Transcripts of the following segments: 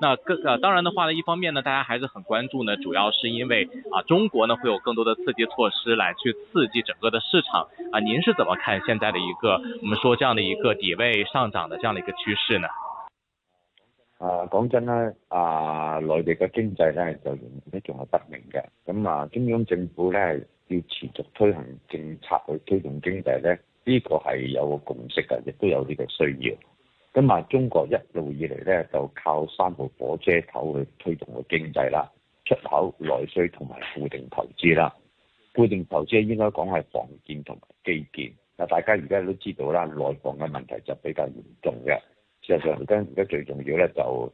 那個、啊、當然的話呢，一方面呢，大家還是很關注呢，主要是因為啊，中國呢會有更多的刺激措施來去刺激整個的市場啊。您是怎麼看現在的一個，我們說這樣的一個底位上漲的這樣的一個趨勢呢？啊，講真咧，啊內地嘅經濟呢就仍然都仲係不明嘅，咁啊，中央政府呢要持續推行政策去推動經濟呢，呢個係有個共識嘅，亦都有呢個需要。咁啊，中國一路以嚟咧就靠三部火車頭去推動個經濟啦，出口、內需同埋固定投資啦。固定投資應該講係房建同埋基建。嗱，大家而家都知道啦，內房嘅問題就比較嚴重嘅。事實上，而家而家最重要咧，就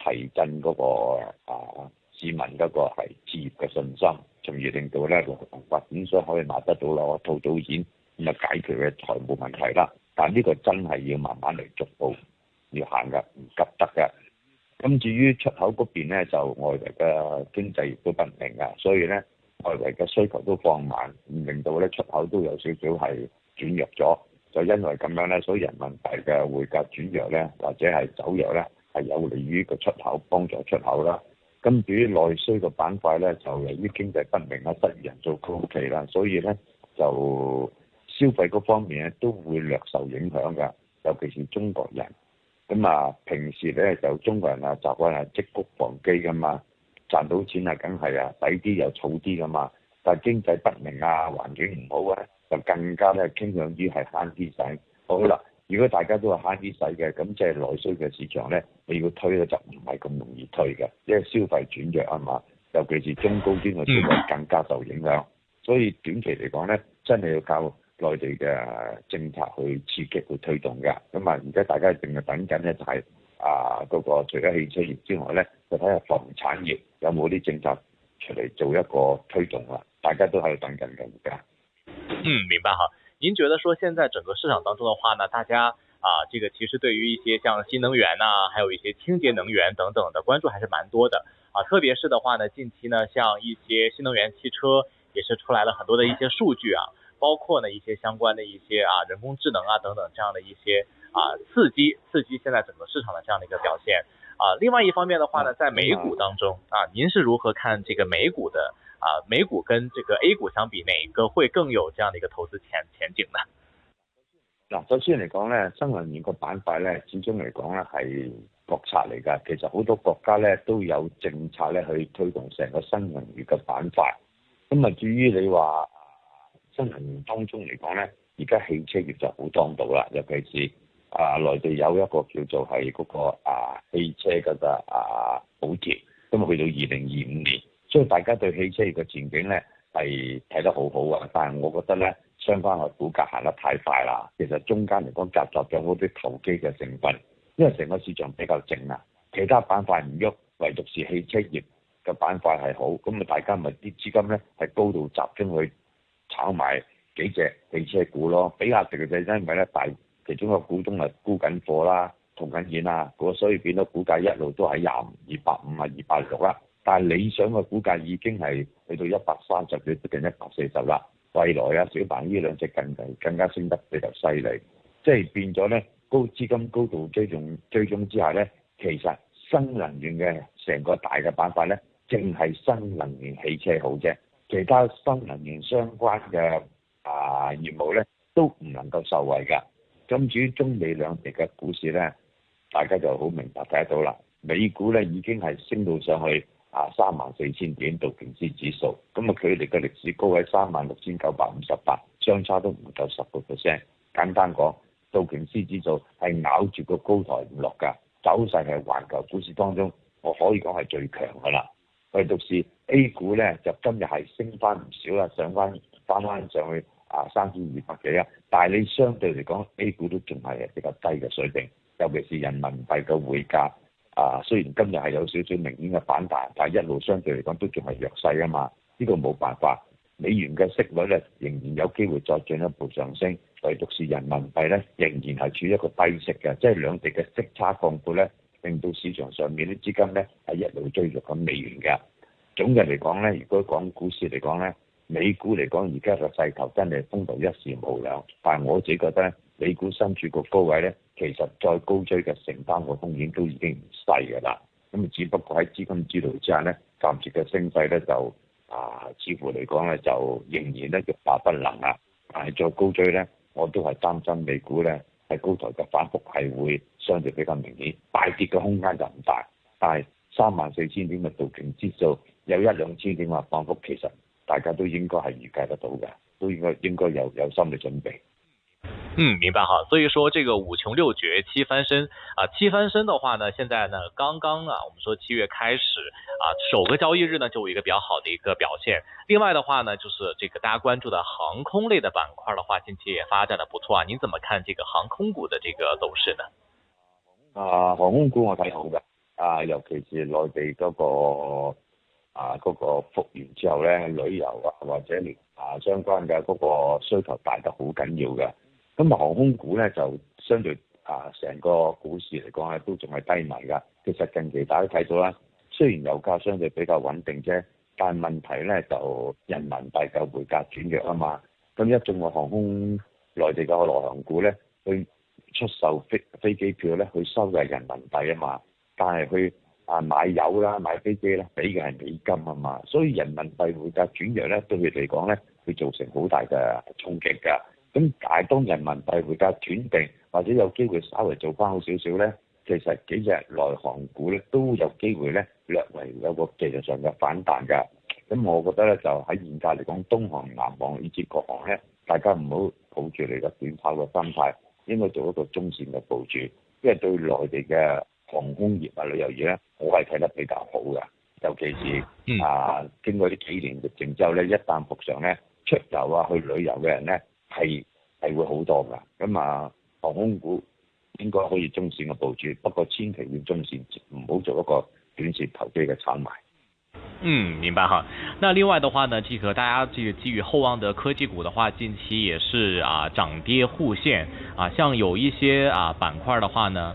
提振嗰、嗰個啊市民嗰個係置業嘅信心，從而令到咧個發展商可以買得到樓套到現，咁啊解決嘅財務問題啦。但呢個真係要慢慢嚟逐步要行㗎，唔急得㗎。咁至於出口嗰邊呢，就外圍嘅經濟亦都不明㗎，所以呢，外圍嘅需求都放慢，令到呢出口都有少少係轉弱咗。就因為咁樣呢，所以人民幣嘅匯價轉弱呢，或者係走弱呢，係有利於個出口，幫助出口啦。咁至於內需個板塊呢，就由於經濟不明啊，失業人數高企啦，所以呢，就～消費嗰方面咧都會略受影響㗎，尤其是中國人，咁啊平時咧就中國人啊習慣係、啊、積谷防饑㗎嘛，賺到錢啊梗係啊抵啲又儲啲㗎嘛，但係經濟不明啊環境唔好啊，就更加咧傾向於係慳啲使。好啦，如果大家都係慳啲使嘅，咁即係內需嘅市場咧，你要推咧就唔係咁容易推嘅，因為消費轉弱啊嘛，尤其是中高端嘅消費更加受影響，所以短期嚟講咧真係要靠內地嘅政策去刺激去推動嘅，咁啊，而家大家淨係等緊咧，就係啊嗰個除咗汽車業之外呢，就睇下房產業有冇啲政策出嚟做一個推動啦。大家都喺度等緊緊而家。嗯，明白哈。您覺得說，現在整個市場當中嘅話呢，大家啊，這個其實對於一些像新能源啊，還有一些清潔能源等等的關注，還是蠻多的啊。特別是的話呢，近期呢，像一些新能源汽車，也是出來了很多的一些數據啊。 包括呢一些相關的一些啊人工智能啊，等等這樣的一些啊刺激刺激現在整個市場的這樣的一個表現啊。另外一方面的話呢，在美股當中啊，您是如何看這個美股的啊，美股跟這個 A 股相比哪一個會更有這樣的一個投資前前景呢？嗱、嗯、首先嚟講呢，新能源個板塊呢，始終嚟講呢係國策嚟噶，其實好多國家呢都有政策呢去推動成個新能源嘅板塊。咁啊至於你話，新能源當中嚟講咧，而家汽車業就好當道啦，尤其是啊，內地有一個叫做係嗰個啊汽車嘅㗎啊補貼，今日去到二零二五年，所以大家對汽車業嘅前景咧係睇得好好啊。但係我覺得咧，相關嘅股價行得太快啦，其實中間嚟講，夾雜咗好啲投機嘅成分，因為成個市場比較靜啊，其他板塊唔喐，唯獨是汽車業嘅板塊係好，咁啊，大家咪啲資金咧係高度集中去。炒埋幾隻汽車股咯，比亞迪嘅就係因為咧大其中個股東啊沽緊貨啦，同緊錢啦，嗰所以變咗，股價一路都喺廿五、二百五啊、二百六啦。但係理想嘅股價已經係去到一百三十幾，接近一百四十啦。未來啊，小鵬呢兩隻近期更加升得比較犀利，即係變咗咧高資金高度追重追蹤之下咧，其實新能源嘅成個大嘅板塊咧，淨係新能源汽車好啫。其他新能源相關嘅啊業務咧，都唔能夠受惠㗎。咁、嗯、至於中美兩地嘅股市咧，大家就好明白睇得到啦。美股咧已經係升到上去啊三萬四千點道瓊斯指數，咁啊距離嘅歷史高位三萬六千九百五十八，相差都唔夠十個 percent。簡單講，道瓊斯指數係咬住個高台唔落㗎，走勢係環球股市當中，我可以講係最強㗎啦。唯獨是 A 股咧，就今日係升翻唔少啦，上翻翻翻上去啊三千二百幾啊！但係你相對嚟講，A 股都仲係比較低嘅水平，尤其是人民幣嘅匯價啊，雖然今日係有少少明顯嘅反彈，但係一路相對嚟講都仲係弱勢啊嘛。呢、這個冇辦法，美元嘅息率咧仍然有機會再進一步上升。唯獨是人民幣咧，仍然係處於一個低息嘅，即係兩地嘅息差擴大咧。令到市場上面啲資金咧係一路追逐緊美元嘅。總嘅嚟講咧，如果講股市嚟講咧，美股嚟講而家個勢頭真係風頭一時無兩。但係我自己覺得，美股身處個高位咧，其實再高追嘅承擔個風險都已經唔細㗎啦。咁只不過喺資金指導之下咧，暫時嘅升勢咧就啊，似乎嚟講咧就仍然咧欲罷不能啊。但係再高追咧，我都係擔心美股咧。係高台嘅反覆係會相對比較明顯，大跌嘅空間就唔大。但係三萬四千點嘅道瓊指數有一兩千點嘅反覆，其實大家都應該係預計得到嘅，都應該應該有有心理準備。嗯，明白哈。所以說這個五窮六絕七翻身啊，七翻身的話呢，現在呢剛剛啊，我們說七月開始啊，首個交易日呢就有一個比較好的一個表現。另外的話呢，就是這個大家關注的航空類的板塊的話，近期也發展得不錯啊。你怎麼看這個航空股的這個走勢呢？啊，航空股我睇好嘅啊，尤其是內地嗰個啊嗰個復原之後呢，旅遊啊或者連啊相關嘅嗰個需求大得好緊要嘅。咁航空股咧就相對啊，成個股市嚟講係都仲係低迷㗎。其實近期大家睇到啦，雖然油價相對比較穩定啫，但係問題咧就人民幣就匯價轉弱啊嘛。咁一眾嘅航空內地嘅內航股咧，佢出售飛飛機票咧，佢收嘅係人民幣啊嘛。但係去啊買油啦、買飛機啦，俾嘅係美金啊嘛。所以人民幣匯價轉弱咧，對佢嚟講咧，會造成好大嘅衝擊㗎。咁大當人民幣匯價斷定，或者有機會稍微做翻好少少咧，其實幾隻內航股咧都有機會咧略為有個技術上嘅反彈㗎。咁我覺得咧就喺現價嚟講，東航、南航以至國航咧，大家唔好抱住嚟個短跑嘅心態，應該做一個中線嘅部署。因為對內地嘅航空業啊、旅遊業咧，我係睇得比較好嘅，尤其是啊、呃嗯、經過呢幾年疫情之後咧，一旦復常咧，出遊啊去旅遊嘅人咧，係係會好多㗎，咁啊航空股應該可以中線嘅佈置，不過千祈要中線唔好做一個短線投機嘅散賣。嗯，明白哈。那另外的話呢，這個大家這個寄予厚望的科技股的話，近期也是啊漲跌互現啊，像有一些啊板塊的話呢。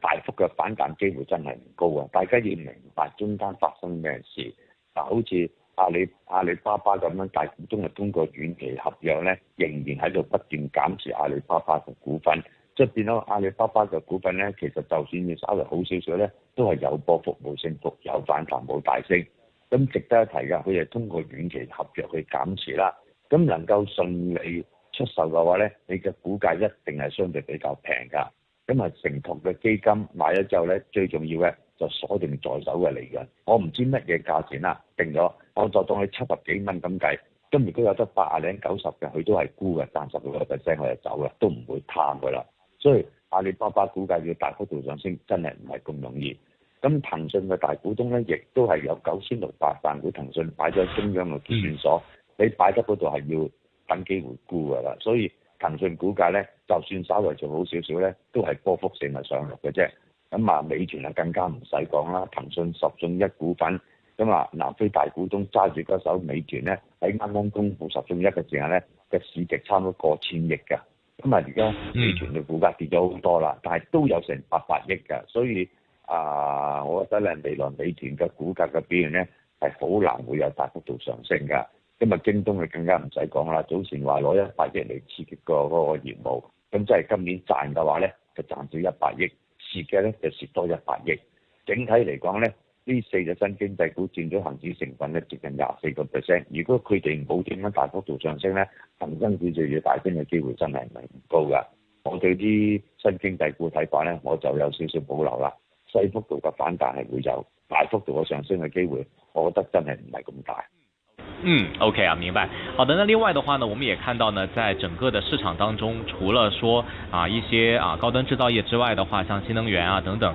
大幅嘅反彈機會真係唔高啊！大家要明白中間發生咩事，嗱，好似阿里阿里巴巴咁樣，大股東係通過遠期合約咧，仍然喺度不斷減持阿里巴巴嘅股份，即係變咗阿里巴巴嘅股份咧，其實就算要稍微好少少咧，都係有波幅冇升幅，有反彈冇大升。咁值得一提噶，佢係通過遠期合約去減持啦。咁能夠順利出售嘅話咧，你嘅股價一定係相對比較平噶。咁啊，成託嘅基金買咗之後咧，最重要嘅就鎖定在手嘅利潤。我唔知乜嘢價錢啦，啊，定咗我再當佢七十幾蚊咁計。咁如果有得八啊零九十嘅，佢都係沽嘅，三十六個 percent 我就走啦，都唔會貪噶啦。所以阿里巴巴股價要大幅度上升，真係唔係咁容易。咁騰訊嘅大股東咧，亦都係有九千六百萬股騰訊擺喺中央嘅結算所。你擺得嗰度係要等機會沽噶啦，所以。騰訊股價咧，就算稍微仲好少少咧，都係波幅性嘅上落嘅啫。咁啊，美團啊更加唔使講啦，騰訊十進一股份，咁啊南非大股東揸住嗰手美團咧，喺啱啱公布十進一嘅時候咧，個市值差唔多過千億㗎。咁啊，而家美團嘅股價跌咗好多啦，但係都有成八百億㗎，所以啊、呃，我覺得咧未來美團嘅股價個表現咧係好難會有大幅度上升㗎。今日京東就更加唔使講啦，早前話攞一百億嚟刺激個嗰個業務，咁即係今年賺嘅話咧，就賺少一百億，蝕嘅咧就蝕多一百億。整體嚟講咧，呢四隻新經濟股佔咗恒指成分咧接近廿四個 percent。如果佢哋冇點樣大幅度上升咧，恒生股就要大跌嘅機會真係唔係唔高噶。我對啲新經濟股睇法咧，我就有少少保留啦。細幅度嘅反彈係會有，大幅度嘅上升嘅機會，我覺得真係唔係咁大。嗯，OK 啊，明白。好的，那另外的話呢，我們也看到呢，在整個的市場當中，除了說啊一些啊高端製造業之外的話，像新能源啊等等。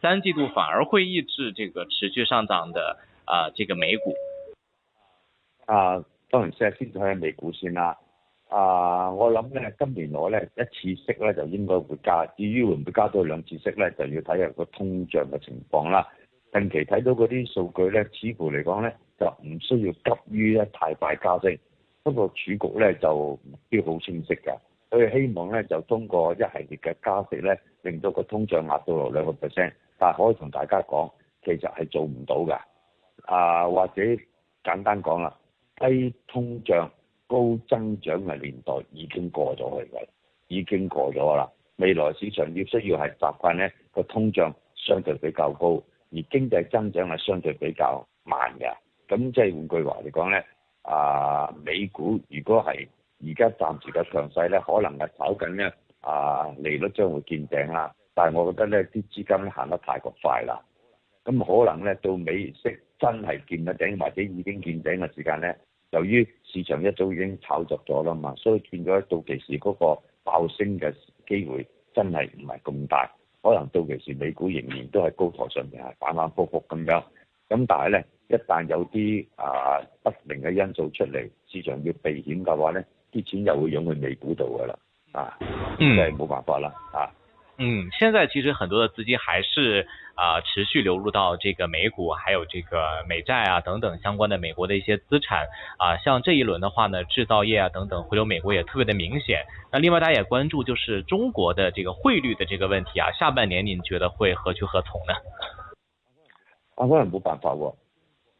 三季度反而會抑制這個持續上漲的啊、呃，這個美股啊，當然，先睇下美股先啦。啊，我諗咧，今年我咧一次息咧就應該會加，至於會唔會加到兩次息咧，就要睇下個通脹嘅情況啦。近期睇到嗰啲數據咧，似乎嚟講咧就唔需要急於一太快加息。局呢，不過，儲局咧就目標好清晰㗎，所以希望咧就通過一系列嘅加息咧，令到個通脹壓到落兩個 percent。但可以同大家講，其實係做唔到嘅。啊，或者簡單講啦，低通脹高增長嘅年代已經過咗去嘅，已經過咗啦。未來市場要需要係習慣呢個通脹相對比較高，而經濟增長係相對比較慢嘅。咁即係換句話嚟講呢啊，美股如果係而家暫時嘅強勢呢，可能係炒緊呢啊，利率將會見頂啦。但係我覺得咧，啲資金行得太過快啦，咁、嗯、可能咧到美息真係見得頂，或者已經見頂嘅時間咧，由於市場一早已經炒作咗啦嘛，所以變咗到期時嗰個爆升嘅機會真係唔係咁大，可能到期時美股仍然都喺高台上面係反反覆覆咁樣。咁、嗯、但係咧，一旦有啲啊、呃、不明嘅因素出嚟，市場要避險嘅話咧，啲錢又會湧去美股度㗎啦，啊，真係冇辦法啦，啊。嗯，現在其實很多的資金還是啊、呃、持續流入到這個美股，還有這個美債啊等等相關的美國的一些資產啊、呃，像這一輪的話呢，製造業啊等等回流美國也特別的明顯。那另外大家也關注就是中國的這個匯率的這個問題啊，下半年您覺得會何去何從呢？啊，可能冇辦法喎、哦。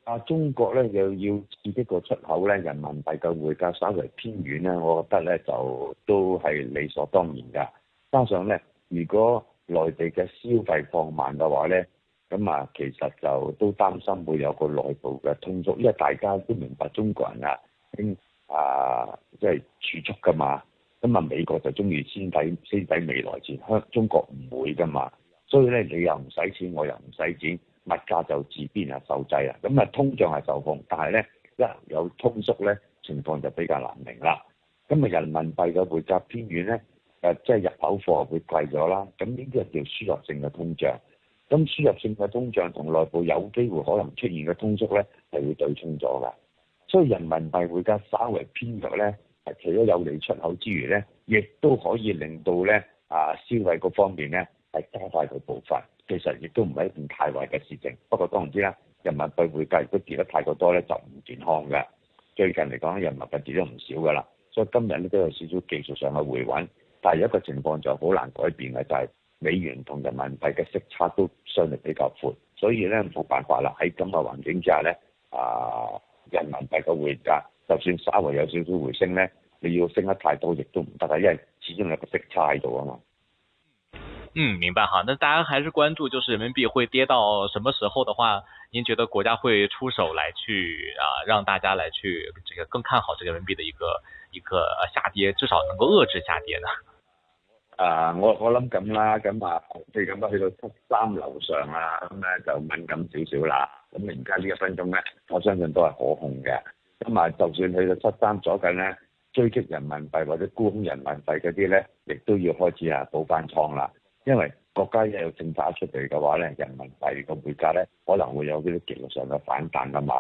啊，中國呢又要刺激個出口呢，人民幣嘅匯價稍微偏軟呢，我覺得呢就都係理所當然㗎，加上呢。如果內地嘅消費放慢嘅話呢，咁啊其實就都擔心會有個內部嘅通縮，因為大家都明白中國人啊慳啊即係、就是、儲蓄㗎嘛，咁啊美國就中意先使先使未來錢，香中國唔會㗎嘛，所以呢，你又唔使錢，我又唔使錢，物價就自邊啊受制啦，咁啊通脹係受控，但係呢，一有通縮呢情況就比較難明啦，咁啊人民幣嘅匯價偏軟呢。誒，即係入口貨會貴咗啦，咁呢啲係叫輸入性嘅通脹，咁輸入性嘅通脹同內部有機會可能出現嘅通縮咧，係會對沖咗㗎，所以人民幣匯價稍微偏弱咧，係除咗有利出口之餘咧，亦都可以令到咧啊消費嗰方面咧係加快佢步伐，其實亦都唔係一件太壞嘅事情，不過當然知啦，人民幣匯價亦都跌得太過多咧，就唔健康嘅。最近嚟講，人民幣跌咗唔少㗎啦，所以今日咧都有少少技術上去回穩。但係一個情況就好難改變嘅，就係、是、美元同人民幣嘅息差都相對比較闊，所以咧冇辦法啦。喺咁嘅環境之下咧，啊、呃、人民幣嘅匯價就算稍微有少少回升咧，你要升得太多亦都唔得啊，因為始終有個息差喺度啊嘛。嗯，明白哈。那大家還是關注，就是人民幣會跌到什麼時候的話，您覺得國家會出手嚟去啊，讓大家嚟去這個更看好這個人民幣嘅一個一個下跌，至少能夠遏制下跌呢？呃、啊！我我諗咁啦，咁啊，譬如咁樣，去到七三樓上啦，咁咧就敏感少少啦。咁而家呢一分鐘咧，我相信都係可控嘅。咁啊，就算去到七三左近咧，追擊人民幣或者沽空人民幣嗰啲咧，亦都要開始啊補翻倉啦。因為國家一有政策出嚟嘅話咧，人民幣嘅匯價咧可能會有呢啲技術上嘅反彈啊嘛。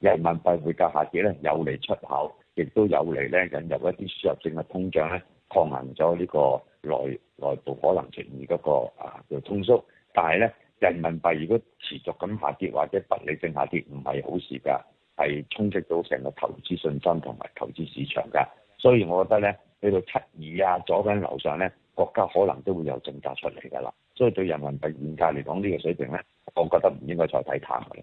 人民幣匯價下跌咧，有利出口，亦都有利咧引入一啲輸入性嘅通脹咧，抗衡咗呢、這個。內內部可能出現嗰個啊嘅通縮，但係咧人民幣如果持續咁下跌或者不理性下跌，唔係好事㗎，係充斥到成個投資信心同埋投資市場㗎。所以我覺得咧，去到七二啊左緊樓上咧，國家可能都會有政策出嚟㗎啦。所以對人民幣現價嚟講呢個水平咧，我覺得唔應該再睇淡㗎。